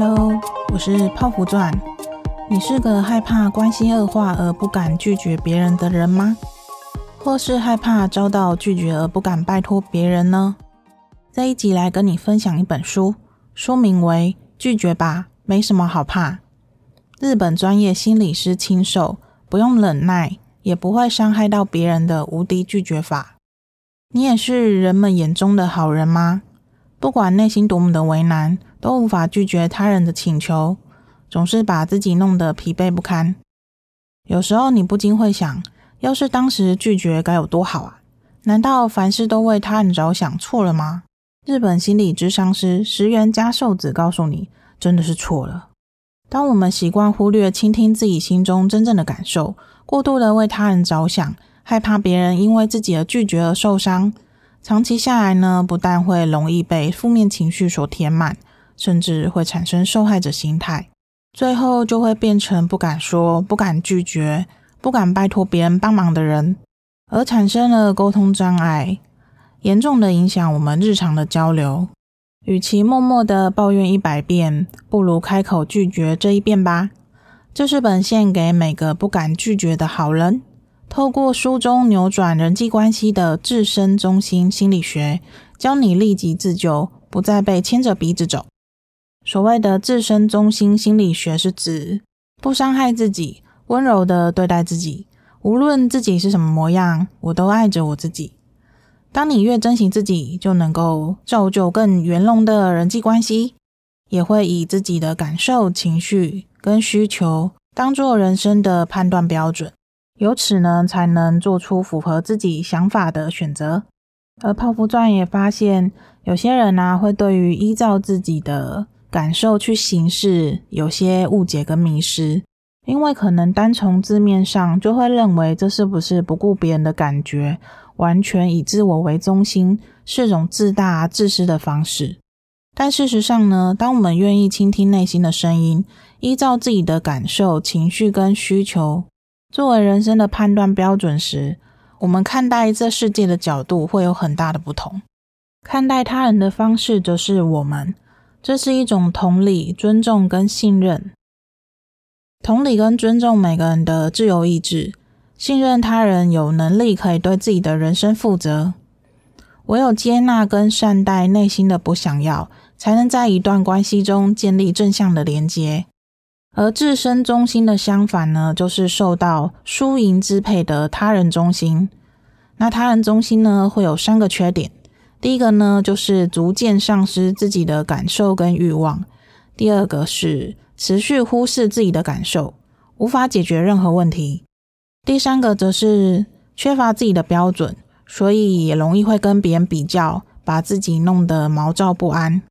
Hello，我是泡芙傳，你是個害怕關係惡化而不敢拒絕別人的人嗎？或是害怕遭到拒絕而不敢拜托別人呢？這一集來跟你分享一本書，書名為《拒絕吧，沒什麼好怕》，日本專業心理師親授，不用忍耐，也不會傷害到別人的無敵拒絕法。你也是人們眼中的好人嗎？不管內心多麼的為難。都無法拒絕他人的請求，總是把自己弄得疲憊不堪。有時候你不禁會想：要是當時拒絕該有多好啊！難道凡事都為他人着想錯了嗎？日本心理諮商師石原加壽子告訴你：真的是錯了。當我們習慣忽略、傾聽自己心中真正的感受，過度的為他人着想，害怕別人因為自己的拒絕而受傷，長期下來呢，不但會容易被負面情緒所填滿。甚至會產生受害者心態，最後就會變成不敢說、不敢拒絕、不敢拜托別人幫忙的人，而產生了溝通障礙，嚴重的影響我們日常的交流。與其默默的抱怨一百遍，不如開口拒絕這一遍吧。這是本獻給每個不敢拒絕的好人，透過書中扭轉人際關係的自身中心心理學，教你立即自救，不再被牽着鼻子走。所謂的自身中心心理學是指不傷害自己，溫柔地對待自己，無論自己是什麼模樣，我都愛着我自己。當你越珍惜自己，就能夠造就更圓融的人際關係，也會以自己的感受、情緒跟需求當做人生的判斷標準，由此呢，才能做出符合自己想法的選擇。而泡芙傳也發現，有些人呢、啊，會對於依照自己的感受去行事，有些誤解跟迷失，因為可能單從字面上就會認為，這是不是不顧別人的感覺，完全以自我為中心，是一種自大自私的方式。但事實上呢，當我們願意傾聽內心的聲音，依照自己的感受、情緒跟需求，作為人生的判斷標準時，我們看待這世界的角度會有很大的不同。看待他人的方式則是我們。這是一種同理、尊重跟信任，同理跟尊重每個人的自由意志，信任他人有能力可以對自己的人生負責。唯有接納跟善待內心的不想要，才能在一段關係中建立正向的連接。而自身中心的相反呢，就是受到輸贏支配的他人中心。那他人中心呢，會有三個缺點。第一個呢，就是逐漸喪失自己的感受跟慾望；第二個是持續忽視自己的感受，無法解決任何問題；第三個則是缺乏自己的標準，所以也容易會跟別人比較，把自己弄得毛躁不安。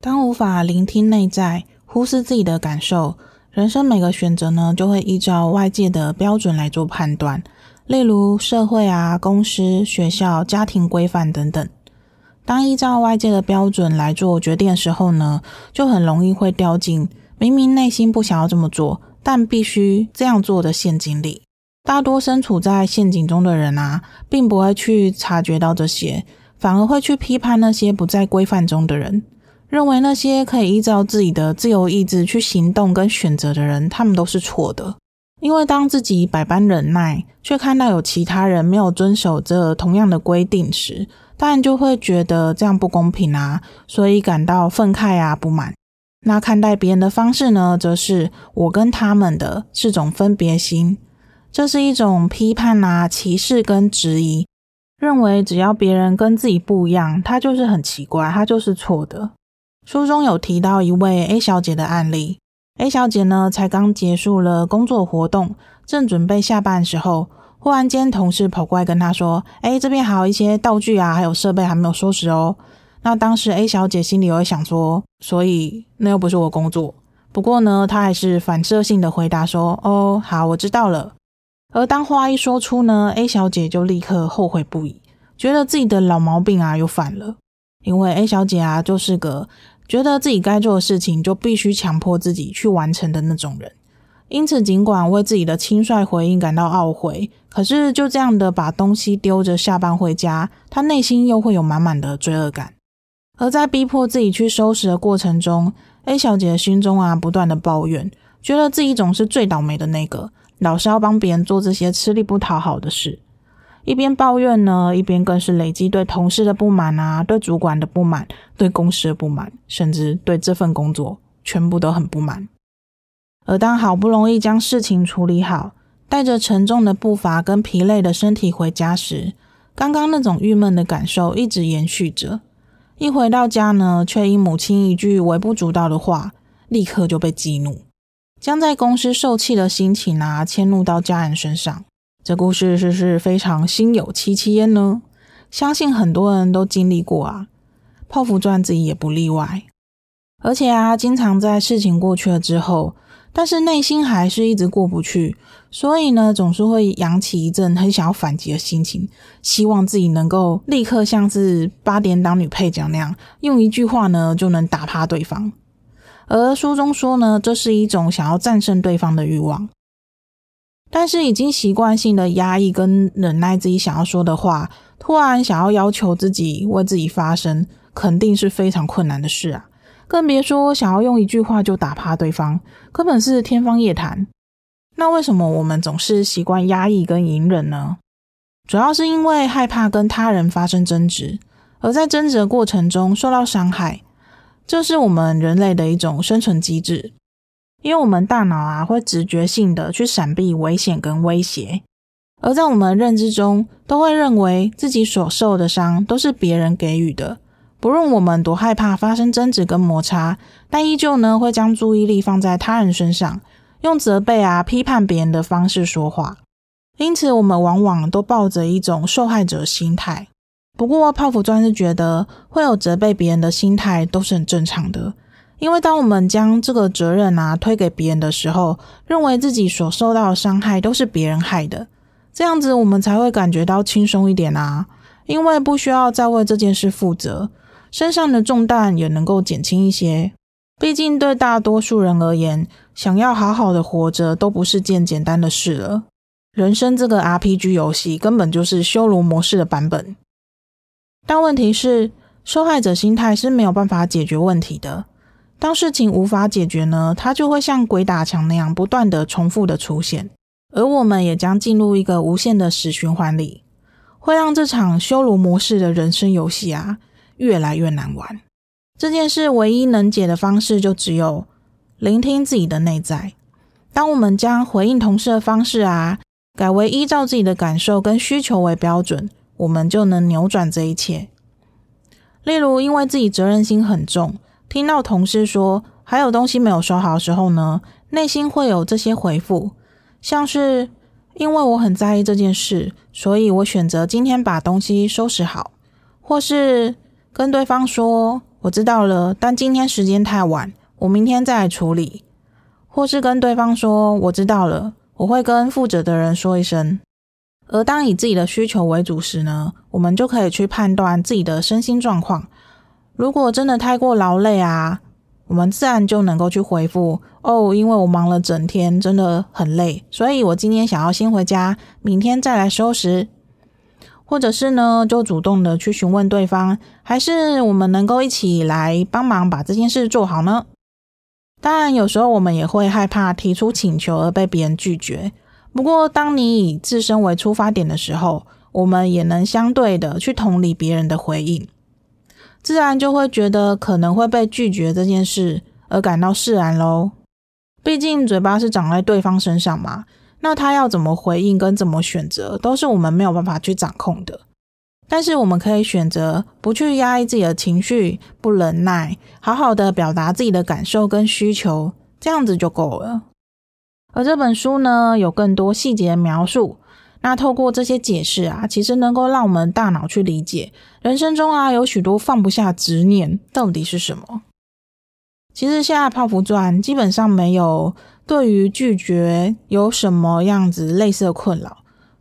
當無法聆聽內在，忽視自己的感受，人生每個選擇呢，就會依照外界的標準來做判斷，例如社會啊、公司、學校、家庭規範等等。當依照外界的標準來做決定的時候呢，就很容易會掉進明明內心不想要這麼做，但必須這樣做的陷阱裡。大多身處在陷阱中的人啊，並不會去察覺到這些，反而會去批判那些不在規範中的人，認為那些可以依照自己的自由意志去行動跟選擇的人，他們都是錯的。因為當自己百般忍耐，卻看到有其他人沒有遵守這同樣的規定時，當然就會覺得這樣不公平啊，所以感到憤慨啊、不滿。那看待別人的方式呢，則是我跟他們的，是種分別心，這是一種批判啊、歧視跟質疑，認為只要別人跟自己不一樣，他就是很奇怪，他就是錯的。書中有提到一位 A 小姐的案例，A 小姐呢才剛結束了工作活動，正準備下班時候。忽然間，同事跑過來跟她說：“哎，這邊還有一些道具啊，還有設備還沒有收拾哦。”那當時 A 小姐心裡會想說：“所以那又不是我工作。”不過呢，她還是反射性的回答說：“哦，好，我知道了。”而當話一說出呢，A 小姐就立刻後悔不已，覺得自己的老毛病啊又犯了。因為 A 小姐啊，就是個覺得自己該做的事情就必須強迫自己去完成的那種人。因此，儘管為自己的輕率回應感到懊悔，可是，就這樣的把東西丟着下班回家，他內心又會有滿滿的罪惡感。而在逼迫自己去收拾的過程中，A 小姐的心中啊，不斷的抱怨，覺得自己總是最倒霉的那個，老是要幫別人做這些吃力不討好的事。一邊抱怨呢，一邊更是累積對同事的不滿啊，對主管的不滿，對公司的不滿，甚至對這份工作全部都很不滿。而當好不容易將事情處理好，帶着沉重的步伐跟疲累的身體回家時，剛剛那種鬱悶的感受一直延續着。一回到家呢，卻因母親一句微不足道的話，立刻就被激怒，將在公司受氣的心情啊遷怒到家人身上。這故事是不是非常心有戚戚焉呢？相信很多人都經歷過啊。泡芙傳自己也不例外，而且啊，經常在事情過去了之後。但是內心還是一直過不去，所以呢，總是會揚起一陣很想要反擊的心情，希望自己能夠立刻像是八點檔女配角那樣，用一句話呢就能打趴對方。而書中說呢，這是一種想要戰勝對方的慾望。但是已經習慣性的壓抑跟忍耐自己想要說的話，突然想要要求自己為自己發聲，肯定是非常困難的事啊。更別說想要用一句話就打趴對方，根本是天方夜譚。那為什麼我們總是習慣壓抑跟隱忍呢？主要是因為害怕跟他人發生爭執，而在爭執的過程中受到傷害。這是我們人類的一種生存機制，因為我們大腦啊會直覺性的去閃避危險跟威脅，而在我們認知中都會認為自己所受的傷都是別人給予的。不論我們多害怕發生爭執跟摩擦，但依舊呢會將注意力放在他人身上，用責備啊、批判別人的方式說話。因此，我們往往都抱着一種受害者心態。不過，泡芙專家覺得會有責備別人的心態都是很正常的，因為當我們將這個責任啊推給別人的時候，認為自己所受到的傷害都是別人害的，這樣子我們才會感覺到輕鬆一點啊。因為不需要再為這件事負責。身上的重擔也能夠減輕一些，畢竟對大多數人而言，想要好好的活着都不是件簡單的事了。人生這個 RPG 遊戲根本就是修羅模式的版本。但問題是，受害者心態是沒有辦法解決問題的。當事情無法解決呢，它就會像鬼打牆那樣不斷的重複的出現，而我們也將進入一個無限的死循環裡，會讓這場修羅模式的人生遊戲啊。越來越難玩，這件事唯一能解的方式，就只有聆聽自己的內在。當我們將回應同事的方式啊，改為依照自己的感受跟需求為標準，我們就能扭轉這一切。例如，因為自己責任心很重，聽到同事說還有東西沒有收好的時候呢，內心會有這些回復，像是因為我很在意這件事，所以我選擇今天把東西收拾好，或是，跟對方說，我知道了，但今天時間太晚，我明天再來處理。或是跟對方說，我知道了，我會跟負責的人說一聲。而當以自己的需求為主時呢，我們就可以去判斷自己的身心狀況。如果真的太過勞累啊，我們自然就能夠去回復，哦，因為我忙了整天，真的很累，所以我今天想要先回家，明天再來收拾。或者是呢，就主動的去詢問對方，還是我們能夠一起來幫忙把這件事做好呢？當然，有時候我們也會害怕提出請求而被別人拒絕。不過，當你以自身為出發點的時候，我們也能相對的去同理別人的回應，自然就會覺得可能會被拒絕這件事而感到釋然嘍。畢竟，嘴巴是長在對方身上嘛。那他要怎麼回應跟怎麼選擇，都是我們沒有辦法去掌控的。但是我們可以選擇不去壓抑自己的情緒，不忍耐，好好的表達自己的感受跟需求，這樣子就夠了。而這本書呢，有更多細節的描述。那透過這些解釋啊，其實能夠讓我們大腦去理解，人生中啊有許多放不下執念，到底是什麼。其實現在《泡芙傳》基本上沒有對於拒絕有什麼樣子類似的困擾，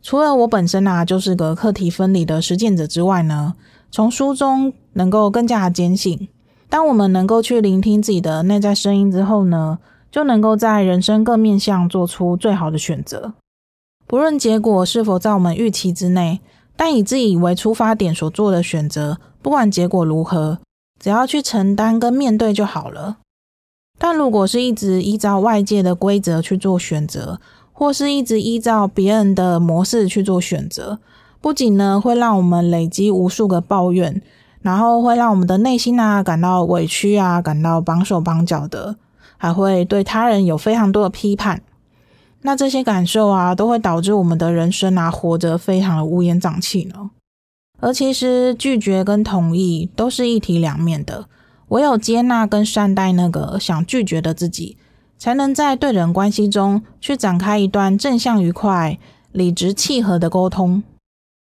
除了我本身啊，就是個課題分離的實踐者之外呢，從書中能夠更加的堅信，當我們能夠去聆聽自己的內在聲音之後呢，就能夠在人生各面向做出最好的選擇。不論結果是否在我們預期之內，但以自己為出發點所做的選擇，不管結果如何，只要去承擔跟面對就好了。但如果是一直依照外界的規則去做選擇，或是一直依照別人的模式去做選擇，不僅呢會讓我們累積無數個抱怨，然後會讓我們的內心啊感到委屈啊，感到綁手綁腳的，還會對他人有非常多的批判。那這些感受啊，都會導致我們的人生啊，活着非常的烏煙瘴氣呢。而其實拒絕跟同意都是一體兩面的。唯有接納跟善待那個想拒絕的自己，才能在對人關係中去展開一段正向、愉快、理直氣和的溝通。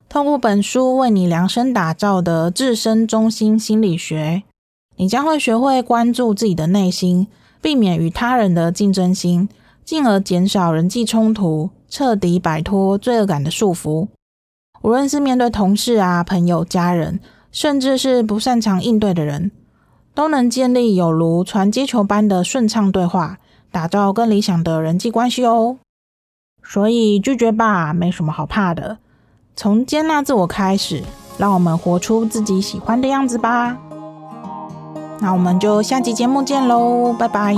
透過本書為你量身打造的自身中心心理學，你將會學會關注自己的內心，避免與他人的競爭心，進而減少人際衝突，徹底擺脫罪惡感的束縛。無論是面對同事啊、朋友、家人，甚至是不擅長應對的人，都能建立有如傳接球般的順暢對話，打造更理想的人際關係哦。所以拒絕吧，沒什麼好怕的。從接納自我開始，讓我們活出自己喜歡的樣子吧。那我們就下期節目見嘍，拜拜。